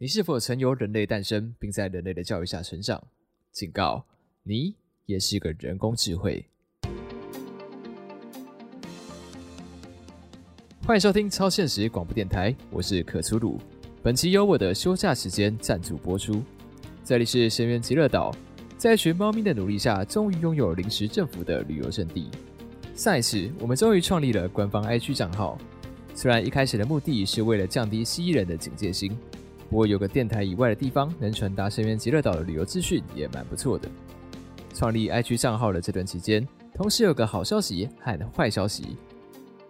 你是否曾由人類誕生，並在人類的教育下成長？警告，你也是一個人工智慧。歡迎收聽超現實廣播電台，我是可粗魯。本期由我的休假時間贊助播出。這裡是深淵極樂島，在一群貓咪的努力下，終於擁有臨時政府的旅遊勝地。上一次，我們終於創立了官方 IG 賬號，雖然一開始的目的是為了降低蜥蜴人的警戒心。不過有個電台以外的地方，能傳達深淵極樂島的旅遊資訊，也蠻不錯的。創立 IG 賬號的這段期間，同時有個好消息和壞消息。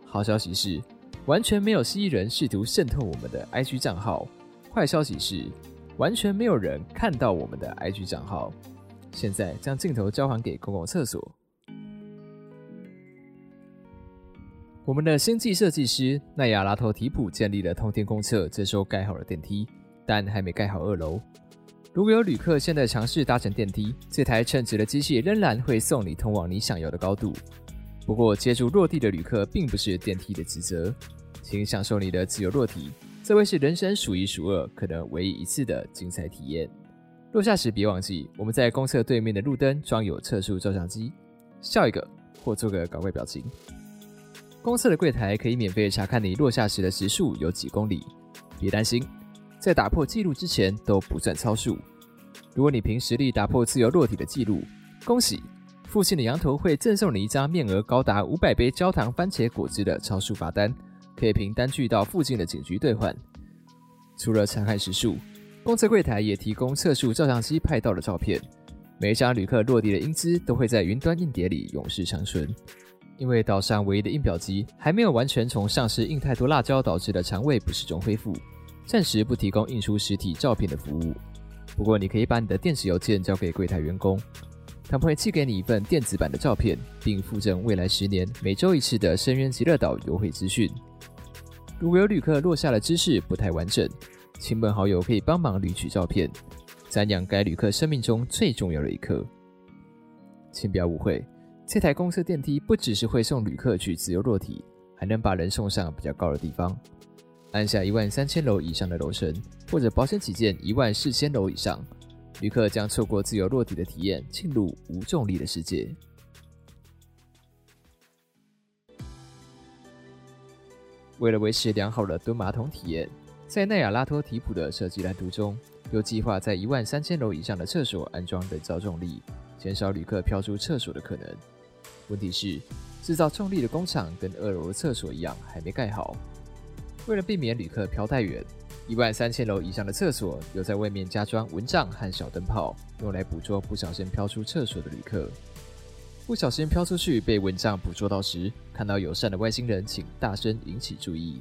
好消息是，完全沒有蜥蜴人試圖滲透我們的 IG 賬號。壞消息是，完全沒有人看到我們的 IG 賬號。現在將鏡頭交還給公共廁所。我們的星際設計師奈亞拉托提普建立了通天公廁，這時候蓋好了電梯。但還沒蓋好二樓。如果有旅客現在嘗試搭乘電梯，這台稱職的機器仍然會送你通往你想要的高度。不過，接住落地的旅客並不是電梯的職責，請享受你的自由落體。這位是人生數一數二，可能唯一一次的精彩體驗。落下時別忘記，我們在公廁對面的路燈裝有測速照相機，笑一個或做個搞怪表情。公廁的櫃檯可以免費查看你落下時的時速有幾公里。別擔心。在打破記錄之前都不算超速。如果你憑實力打破自由落體的記錄，恭喜！附近的羊駝會贈送你一張面額高達五百杯焦糖番茄果汁的超速罰單，可以憑單據到附近的警局兌換。除了殘害時速，公廁櫃檯也提供測速照相機拍到的照片，每一張旅客落地的英姿都會在雲端硬碟裡永世長存，因為島上唯一的印表機還沒有完全從上次印太多辣椒導致的腸胃不適中恢復。暫時不提供印出實體照片的服務，不過你可以把你的電子郵件交給櫃檯員工，他們會寄給你一份電子版的照片，並附贈未來十年每週一次的深淵極樂島優惠資訊。如果有旅客落下的姿勢不太完整，親朋好友可以幫忙領取，取照片，瞻仰該旅客生命中最重要的一刻。請不要誤會，這台公司電梯不只是會送旅客去自由落體，還能把人送上比較高的地方。按下一萬三千樓以上的樓層，或者保險起見一萬四千樓以上，旅客將錯過自由落體的體驗，進入無重力的世界。為了維持良好的蹲馬桶體驗，在奈亞拉托提普的設計藍圖中，又計劃在一萬三千樓以上的廁所安裝人造重力，減少旅客飄出廁所的可能。問題是，制造重力的工廠跟二樓的廁所一樣，還沒蓋好。為了避免旅客飄太遠，一萬三千樓以上的廁所有在外面加裝蚊帳和小燈泡，用來捕捉不小心飄出廁所的旅客。不小心飄出去被蚊帳捕捉到時，看到友善的外星人，請大聲引起注意，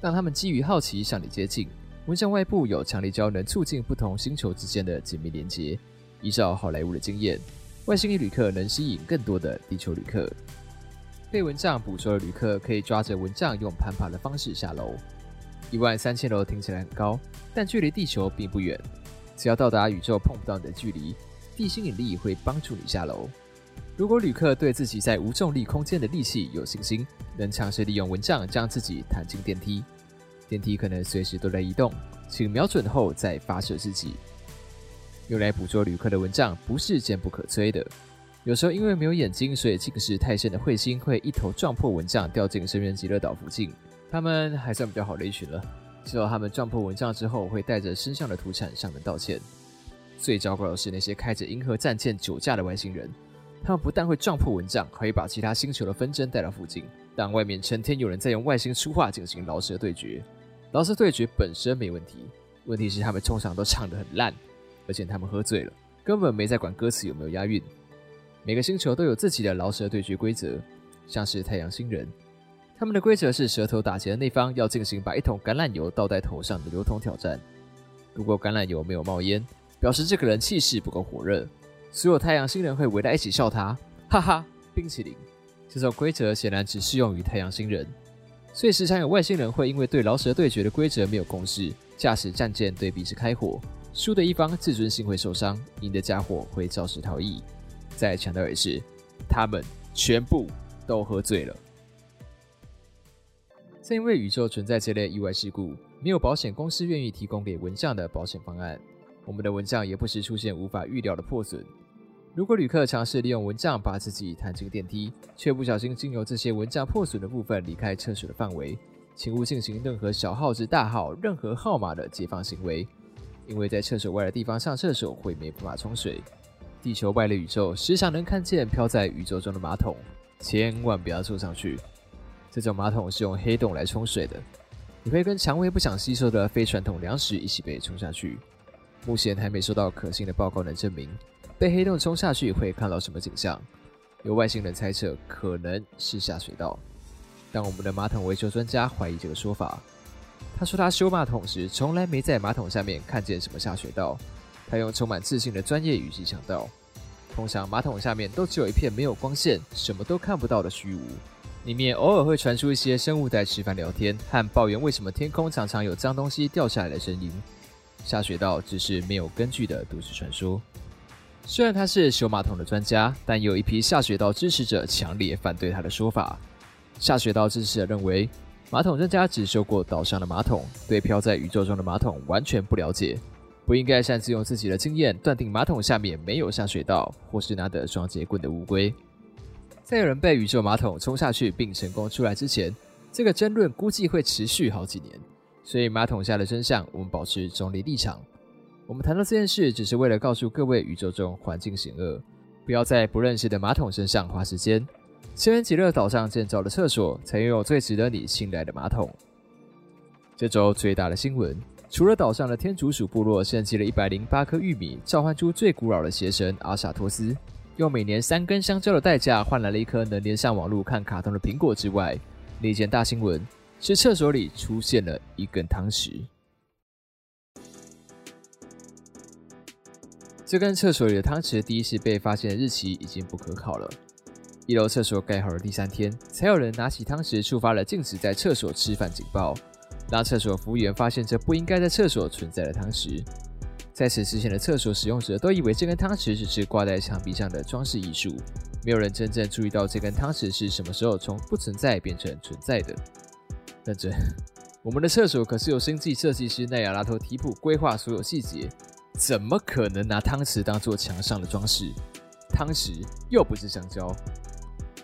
讓他們基於好奇向你接近。蚊帳外部有強力膠，能促進不同星球之間的緊密連接。依照好萊塢的經驗，外星人旅客能吸引更多的地球旅客。被蚊帳捕捉的旅客可以抓着蚊帳，用攀爬的方式下樓。一萬三千樓聽起來很高，但距離地球並不遠。只要到達宇宙碰不到你的距離，地心引力會幫助你下樓。如果旅客對自己在無重力空間的力氣有信心，能嘗試利用蚊帳將自己彈進電梯。電梯可能隨時都在移動，請瞄準後再發射自己。用來捕捉旅客的蚊帳不是堅不可摧的。有時候因為沒有眼睛，所以近視太深的彗星會一頭撞破蚊帳，掉進深淵極樂島附近。他們還算比較好的一群了，知道他們撞破蚊帳之後會帶着身上的土產上門道歉。最糟糕的是那些開着銀河戰艦酒駕的外星人，他們不但會撞破蚊帳，可以把其他星球的紛爭帶到附近。但外面成天有人在用外星書話進行饒舌對決，饒舌對決本身沒問題，問題是他們通常都唱得很爛，而且他們喝醉了，根本沒在管歌詞有沒有押韻。每個星球都有自己的饒舌對決規則，像是太陽星人，他們的規則是舌頭打結的那方要進行把一桶橄欖油倒在頭上的油桶挑戰。如果橄欖油沒有冒煙，表示這個人氣勢不夠火熱，所有太陽星人會圍在一起笑他，哈哈，冰淇淋。這種規則顯然只適用於太陽星人，所以時常有外星人會因為對饒舌對決的規則沒有共識，駕駛戰艦對彼此開火，輸的一方自尊心會受傷，贏的家伙會肇事逃逸。再強調一次，他們全部都喝醉了。正因為宇宙存在這類意外事故，沒有保險公司願意提供給蚊帳的保險方案，我們的蚊帳也不時出現無法預料的破損。如果旅客嘗試利用蚊帳把自己彈進電梯，卻不小心經由這些蚊帳破損的部分離開廁所的範圍，請勿進行任何小號至大號、任何號碼的解放行為，因為在廁所外的地方上廁所會沒辦法沖水。地球外的宇宙時常能看見飄在宇宙中的馬桶，千萬不要坐上去。這種馬桶是用黑洞來沖水的，你會跟腸胃不想吸收的非傳統糧食一起被沖下去。目前還沒收到可信的報告能證明，被黑洞沖下去會看到什麼景象。有外星人猜測可能是下水道，但我們的馬桶維修專家懷疑這個說法。他說他修馬桶時從來沒在馬桶下面看見什麼下水道。他用充滿自信的專業語氣強調：“通常馬桶下面都只有一片沒有光線、什麼都看不到的虛無，裡面偶爾會傳出一些生物在吃飯、聊天和抱怨為什麼天空常常有髒東西掉下來的聲音。下水道只是沒有根據的都市傳說。雖然他是修馬桶的專家，但有一批下水道支持者強烈反對他的說法。下水道支持者認為，馬桶專家只修過島上的馬桶，對飄在宇宙中的馬桶完全不了解。”不應該擅自用自己的經驗斷定馬桶下面沒有下水道，或是拿着雙截棍的烏龜。在有人被宇宙馬桶沖下去並成功出來之前，這個爭論估計會持續好幾年。所以，馬桶下的真相，我們保持中立立場。我們談到這件事，只是為了告訴各位，宇宙中環境險惡，不要在不認識的馬桶身上花時間。千人極樂島上建造的廁所，才擁有最值得你信賴的馬桶。這週最大的新聞。除了島上的天竺鼠部落獻祭了一百零八顆玉米，召喚出最古老的邪神阿薩托斯，用每年三根香蕉的代價換來了一顆能連上網路、看卡通的蘋果之外，另一件大新聞是廁所裡出現了一根湯匙。這根廁所裡的湯匙第一次被發現的日期已經不可考了，一樓廁所蓋好的第三天，才有人拿起湯匙觸發了禁止在廁所吃飯警報。當廁所服務員發現這不應該在廁所存在的湯匙。在此之前的廁所使用者都以為這根湯匙只是掛在牆壁上的裝飾藝術，沒有人真正注意到這根湯匙是什麼時候從不存在變成存在的。但這我們的廁所可是由星際設計師奈亞拉托提普規劃所有細節，怎麼可能拿湯匙當做牆上的裝飾？湯匙又不是香蕉。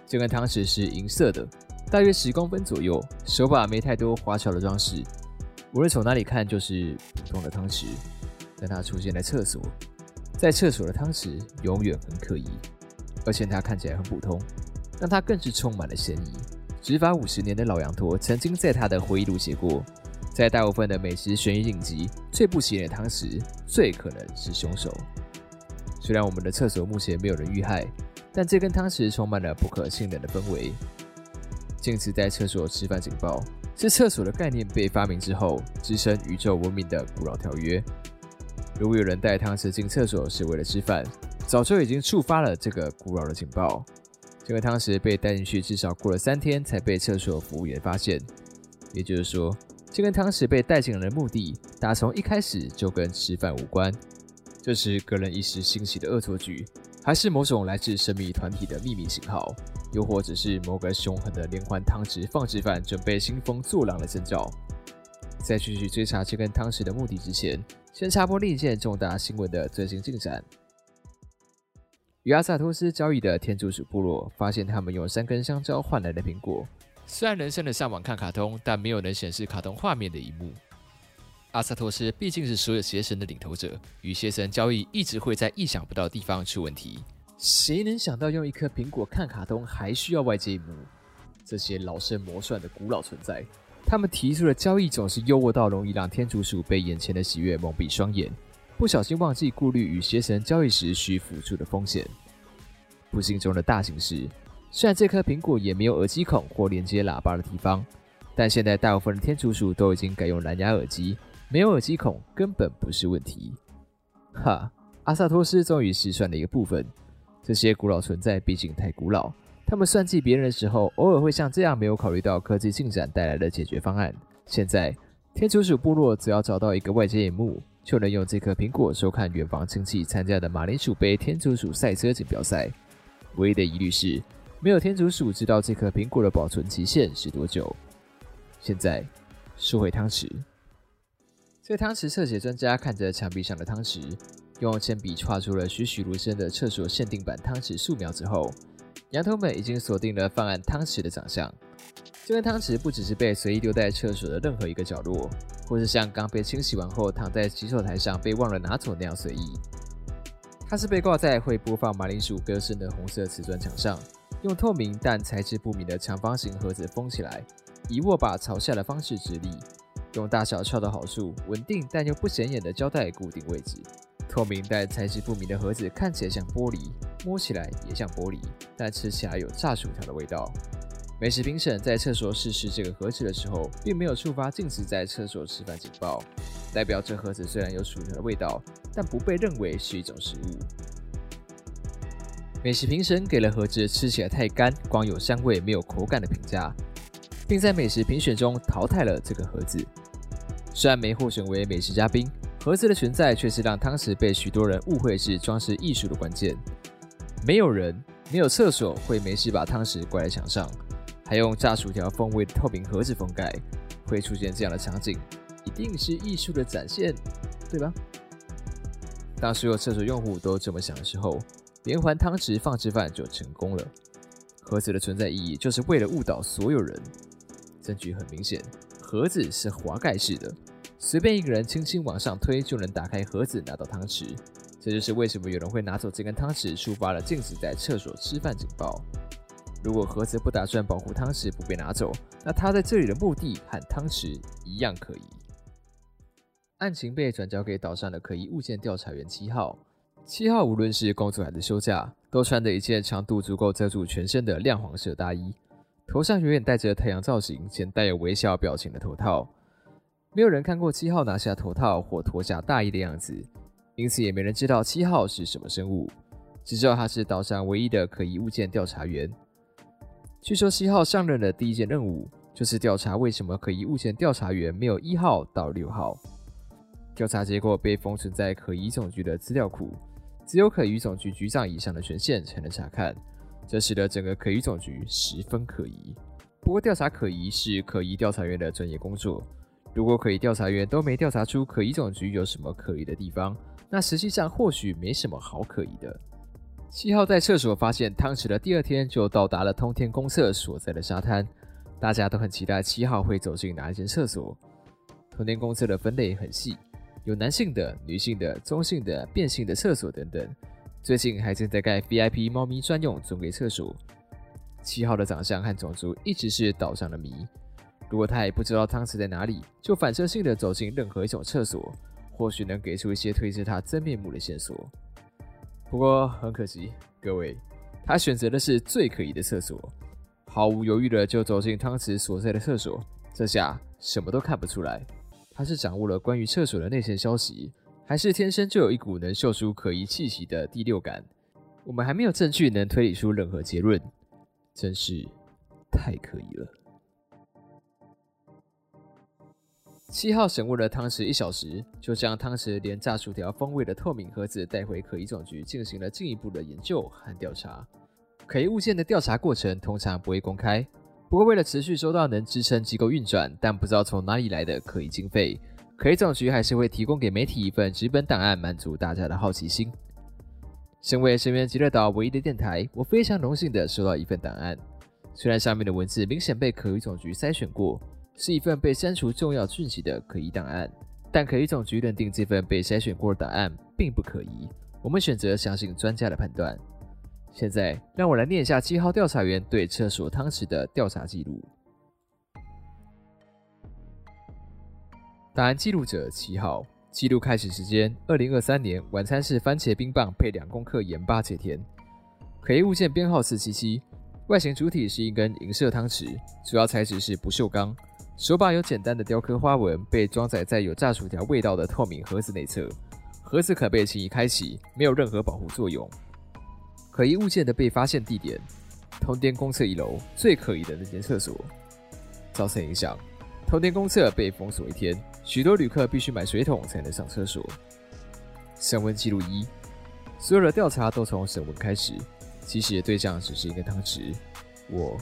這根湯匙是銀色的。大約十公分左右，手把沒太多花俏的裝飾，無論從哪裡看就是普通的湯匙。但它出現在廁所，在廁所的湯匙永遠很可疑，而且它看起來很普通，讓它更是充滿了嫌疑。執法五十年的老羊駝曾經在他的回憶錄寫過，在大部分的美食懸疑影集，最不起眼的湯匙，最可能是兇手。雖然我們的廁所目前沒有人遇害，但這根湯匙充滿了不可信任的氛圍。禁止在廁所吃飯警報，是廁所的概念被發明之後，支撐宇宙文明的古老條約。如果有人帶湯匙進廁所是為了吃飯，早就已經觸發了這個古老的警報。這個湯匙被帶進去至少過了三天才被廁所服務員發現，也就是說，這根湯匙被帶進來的目的，打從一開始就跟吃飯無關。這是個人一時興起的惡作劇，還是某種來自神秘團體的秘密信號？又或者，是某個兇狠的連環湯匙放置犯準備興風作浪的徵兆。在繼續，續追查這根湯匙的目的之前，先插播另一件重大新聞的最新進展：與阿薩托斯交易的天竺鼠部落發現，他們用三根香蕉換來的蘋果，雖然能上的上網看卡通，但沒有能顯示卡通畫面的一幕。阿薩托斯畢竟是所有邪神的領頭者，與邪神交易一直會在意想不到地方出問題。誰能想到用一顆蘋果看卡通還需要外接螢幕？這些老謀深算的古老存在，他們提出的交易總是優渥到容易讓天竺鼠被眼前的喜悅蒙蔽雙眼，不小心忘記顧慮與邪神交易時需付出的風險。不幸中的大幸是，雖然這顆蘋果也沒有耳機孔或連接喇叭的地方，但現在大部分的天竺鼠都已經改用藍牙耳機，沒有耳機孔根本不是問題。哈，阿薩托斯終於失算了，一個部分。這些古老存在畢竟太古老，他們算計別人的時候，偶爾會像這樣沒有考慮到科技進展帶來的解決方案。現在，天竺鼠部落只要找到一個外接螢幕，就能用這顆蘋果收看遠方親戚參加的馬鈴薯杯天竺鼠賽車錦標賽。唯一的疑慮是，沒有天竺鼠知道這顆蘋果的保存期限是多久。現在，收回湯匙。這湯匙側寫專家看着牆壁上的湯匙。用鉛筆畫出了栩栩如生的廁所限定版湯匙素描之後，羊頭們已經鎖定了犯案湯匙的長相。這根湯匙不只是被隨意丟在廁所的任何一個角落，或是像剛被清洗完後躺在洗手台上被忘了拿走那樣隨意。它是被掛在會播放馬鈴薯歌聲的紅色瓷磚牆上，用透明但材質不明的長方形盒子封起來，以握把朝下的方式直立，用大小恰到好處、穩定但又不顯眼的膠帶固定位置。透明但材質不明的盒子看起來像玻璃，摸起來也像玻璃，但吃起來有炸薯條的味道。美食評審在廁所試吃這個盒子的時候，並沒有觸發禁止在廁所吃飯警報，代表這盒子雖然有薯條的味道，但不被認為是一種食物。美食評審給了盒子“吃起來太乾，光有香味沒有口感”的評價，並在美食評選中淘汰了這個盒子。雖然沒獲選為美食嘉賓。盒子的存在，確實讓湯匙被許多人誤會是裝飾藝術的關鍵。沒有人、沒有廁所會沒事把湯匙掛在牆上，還用炸薯條風味的透明盒子封蓋。會出現這樣的場景，一定是藝術的展現，對吧？當所有廁所用戶都這麼想的時候，連環湯匙放置犯就成功了。盒子的存在意義，就是為了誤導所有人。證據很明顯，盒子是滑蓋式的。隨便一個人輕輕往上推，就能打開盒子拿到湯匙。這就是為什麼有人會拿走這根湯匙，觸發了禁止在廁所吃飯警報。如果盒子不打算保護湯匙不被拿走，那它在這裡的目的和湯匙一樣可疑。案情被轉交給島上的可疑物件調查員七號。七號無論是工作還是休假，都穿着一件長度足夠遮住全身的亮黃色大衣，頭上永遠戴着太陽造型且帶有微笑表情的頭套。沒有人看過七號拿下頭套或脫下大衣的樣子，因此也沒人知道七號是什麼生物，只知道他是島上唯一的可疑物件調查員。據說七號上任的第一件任務就是調查為什麼可疑物件調查員沒有一號到六號。調查結果被封存在可疑總局的資料庫，只有可疑總局局長以上的權限才能查看，這使得整個可疑總局十分可疑。不過，調查可疑是可疑調查員的專業工作。如果可疑調查員都沒調查出可疑總局有什麼可疑的地方，那實際上或許沒什麼好可疑的。七號在廁所發現湯匙的第二天就到達了通天公廁所在的沙灘，大家都很期待七號會走進哪一間廁所。通天公廁的分類很細，有男性的、女性的、中性的、變性的廁所等等。最近還正在蓋 VIP 貓咪專用尊貴廁所。七號的長相和種族一直是島上的謎。如果他也不知道湯匙在哪裡，就反射性的走進任何一種廁所，或許能給出一些推測他真面目的線索。不過很可惜，各位，他選擇的是最可疑的廁所，毫無猶豫的就走進湯匙所在的廁所。這下什麼都看不出來。他是掌握了關於廁所的內線消息，還是天生就有一股能嗅出可疑氣息的第六感？我們還沒有證據能推理出任何結論，真是太可疑了。七號審問了湯匙一小時，就將湯匙連炸薯條風味的透明盒子帶回可疑總局，進行了進一步的研究和調查。可疑物件的調查過程通常不會公開，不過為了持續收到能支撐機構運轉但不知道從哪裡來的可疑經費，可疑總局還是會提供給媒體一份紙本檔案，滿足大家的好奇心。身為神元極樂島唯一的電台，我非常榮幸地收到一份檔案，雖然上面的文字明顯被可疑總局篩選過。是一份被刪除重要訊息的可疑檔案，但可疑總局認定這份被篩選過的檔案並不可疑，我們選擇相信專家的判斷。現在讓我來念一下七號調查員對廁所湯匙的調查記錄。檔案記錄者七號，記錄開始時間二零二三年，晚餐是番茄冰棒配兩公克鹽巴解甜。可疑物件編號四七七，外形主體是一根銀色湯匙，主要材質是不鏽鋼。手把有簡單的雕刻花紋，被裝載在有炸薯條味道的透明盒子內側。盒子可被輕易開啟，沒有任何保護作用。可疑物件的被發現地點：通天公廁一樓最可疑的那間廁所。造成影響：通天公廁被封鎖一天，許多旅客必須買水桶才能上廁所。審問記錄一：所有的調查都從審問開始。其實對象只是一個湯匙。我。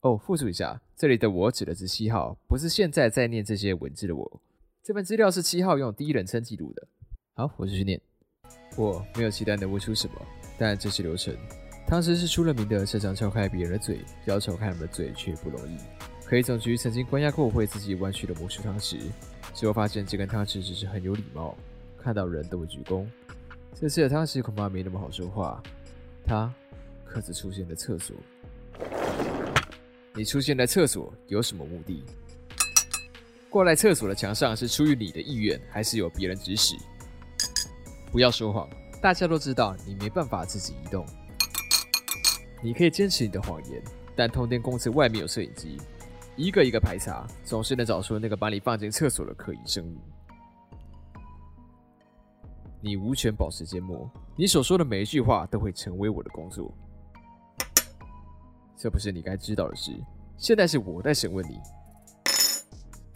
哦，複述一下。這裡的我指的是七號，不是現在在念這些文字的我。這份資料是七號用第一人稱記錄的。好，我繼續念。我沒有期待能問出什麼，但這是流程。湯匙是出了名的擅長撬開別人的嘴，要撬開他們的嘴卻不容易。黑總局曾經關押過我會自己彎曲的魔術湯匙，最後發現這根湯匙只是很有禮貌，看到人都會鞠躬。這次的湯匙恐怕沒那麼好說話。它，可是出現在廁所。你出現在廁所有什麼目的？掛在廁所的牆上是出於你的意願，還是有別人指使？不要說謊，大家都知道你沒辦法自己移動。你可以堅持你的謊言，但通天公司外面有攝影機，一個一個排查，總是能找出那個把你放進廁所的可疑聲音。你無權保持緘默，你所說的每一句話都會成為我的工作。這不是你該知道的事。現在是我在審問你，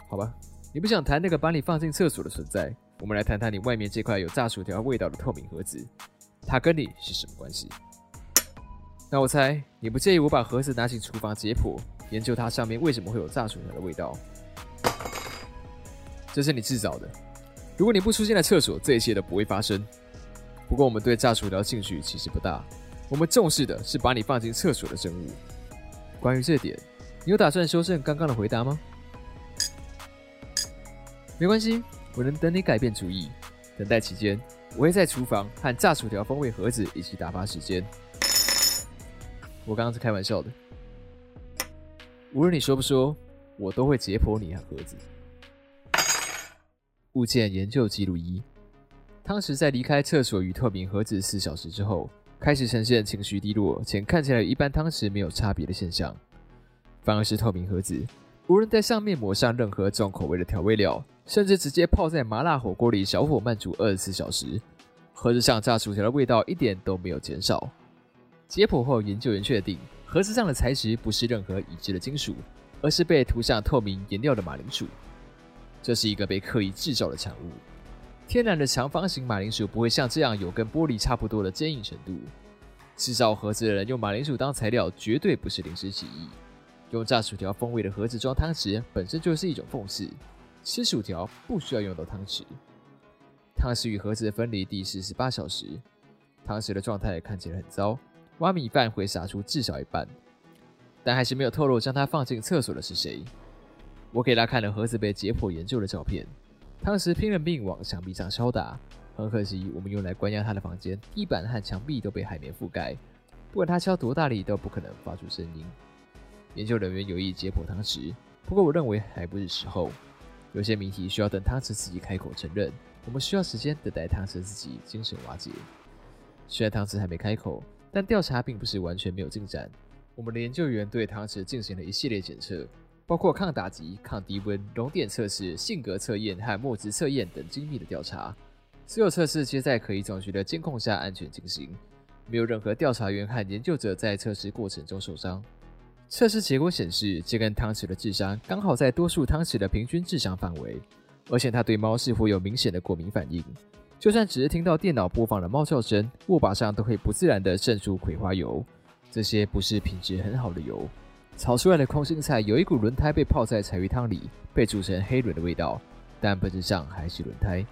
好吧？你不想談那個把你放進廁所的存在，我們來談談你外面這塊有炸薯條味道的透明盒子，它跟你是什麼關係？那我猜你不介意我把盒子拿進廚房解剖，研究它上面為什麼會有炸薯條的味道？這是你制造的。如果你不出現在廁所，這一切都不會發生。不過我們對炸薯條興趣其實不大。我們重視的是把你放進廁所的生物。關於這點，你有打算修正剛剛的回答嗎？沒關係，我能等你改變主意。等待期間，我會在廚房和炸薯條風味盒子一起打發時間。我剛剛是開玩笑的。無論你說不說，我都會解剖你和盒子。物件研究記錄一：湯匙在離開廁所與透明盒子四小時之後，開始呈現情緒低落且看起來與一般湯匙沒有差別的現象，反而是透明盒子，無論在上面抹上任何重口味的調味料，甚至直接泡在麻辣火鍋裡小火慢煮二十四小時，盒子上炸薯條的味道一點都沒有減少。解剖後，研究員確定盒子上的材質不是任何已知的金屬，而是被塗上透明顏料的馬鈴薯，這是一個被刻意制造的產物。天然的長方形馬鈴薯不會像這樣有跟玻璃差不多的堅硬程度。制造盒子的人用馬鈴薯當材料絕對不是臨時起意。用炸薯條風味的盒子裝湯匙本身就是一種諷刺。吃薯條不需要用到湯匙。湯匙與盒子的分離第四十八小時，湯匙的狀態看起來很糟，挖米飯會灑出至少一半。但還是沒有透露將它放進廁所的是誰。我給他看了盒子被解剖研究的照片。湯匙拼了命往牆壁上敲打，很可惜，我們用來關押他的房間地板和牆壁都被海綿覆蓋，不管他敲多大力都不可能發出聲音。研究人員有意解剖湯匙，不過我認為還不是時候。有些謎題需要等湯匙自己開口承認，我們需要時間等待湯匙自己精神瓦解。雖然湯匙還沒開口，但調查並不是完全沒有進展。我們的研究員對湯匙進行了一系列檢測。包括抗打擊、抗低溫、熔點測試、性格測驗和墨汁測驗等精密的調查，所有測試皆在可疑總局的監控下安全進行，沒有任何調查員和研究者在測試過程中受傷。測試結果顯示，這根湯匙的智商剛好在多數湯匙的平均智商範圍，而且他對貓似乎有明顯的過敏反應，就算只是聽到電腦播放的貓叫聲，握把上都會不自然地滲出葵花油，這些不是品質很好的油。炒出來的空心菜有一股輪胎被泡在柴魚湯裡被煮成黑輪的味道，但本質上還是輪胎。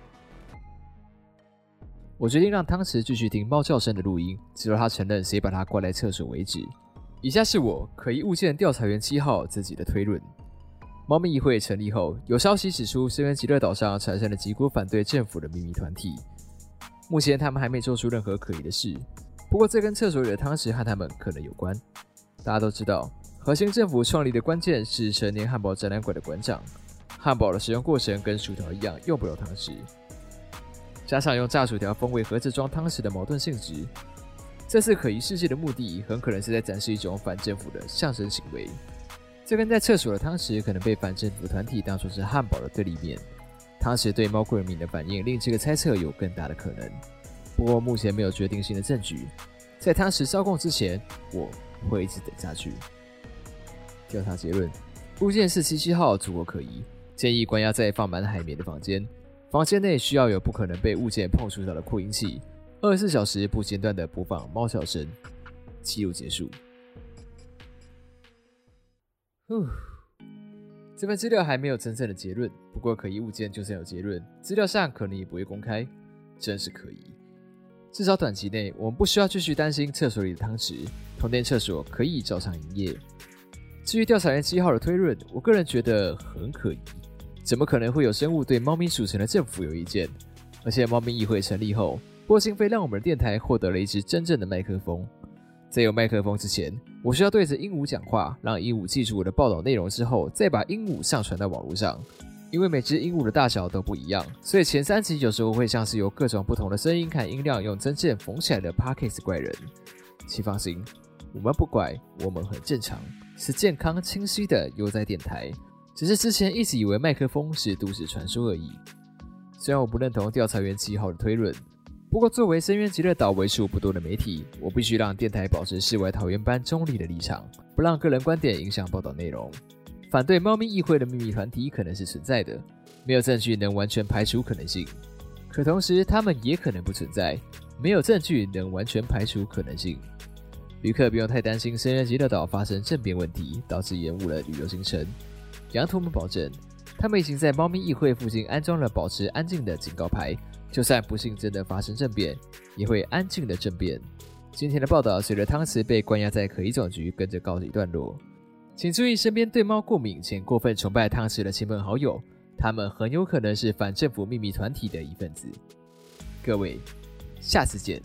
我決定讓湯匙繼續聽貓叫聲的錄音，直到他承認誰把他關在廁所為止。以下是我可疑物件調查員七號自己的推論：貓咪議會成立後，有消息指出，雖然極樂島上產生了幾股反對政府的秘密團體，目前他們還沒做出任何可疑的事。不過，這跟廁所裡的湯匙和他們可能有關。大家都知道。核心政府創立的關鍵是成年漢堡展覽館的館長。漢堡的使用過程跟薯條一樣，用不了湯匙，加上用炸薯條風味盒子裝湯匙的矛盾性質，這次可疑事件的目的很可能是在展示一種反政府的象徵行為。這跟在廁所的湯匙可能被反政府團體當做是漢堡的對立面。湯匙對貓國人民的反應令這個猜測有更大的可能。不過目前沒有決定性的證據，在湯匙招供之前，我會一直等下去。調查結論：物件是七七號，足夠可疑，建議關押在放滿海綿的房間。房間內需要有不可能被物件碰觸到的擴音器，二十四小時不間斷的播放貓叫聲。記錄結束。呼，這份資料還沒有真正的結論。不過，可疑物件就算有結論，資料上可能也不會公開，真是可疑。至少短期內，我們不需要繼續擔心廁所裡的湯匙。通電廁所可以照常營業。至於調查員七號的推論，我個人覺得很可疑。怎麼可能會有生物對貓咪組成的政府有意見？而且貓咪議會成立後，波星飛讓我們的電台獲得了一支真正的麥克風。在有麥克風之前，我需要對着鸚鵡講話，讓鸚鵡記住我的報道內容之後，再把鸚鵡上傳到網絡上。因為每隻鸚鵡的大小都不一樣，所以前三集有時候會像是由各種不同的聲音、看音量、用針線縫起來的 podcast 怪人。請放心，我們不怪，我們很正常。是健康清晰的悠哉電台，只是之前一直以為麥克風是都市傳說而已。雖然我不認同調查員七號的推論，不過作為深淵極樂島為數不多的媒體，我必須讓電台保持世外桃源般中立的立場，不讓個人觀點影響報道內容。反對貓咪議會的秘密團體可能是存在的，沒有證據能完全排除可能性。可同時，他們也可能不存在，沒有證據能完全排除可能性。旅客不用太擔心，深淵極樂島發生政變問題導致延誤了旅遊行程。羊駝們保證，他們已經在貓咪議會附近安裝了保持安靜的警告牌，就算不幸真的發生政變，也會安靜的政變。今天的報道隨着湯匙被關押在可疑總局，跟着告一段落。請注意身邊對貓過敏且過分崇拜湯匙的親朋好友，他們很有可能是反政府秘密團體的一份子。各位，下次見。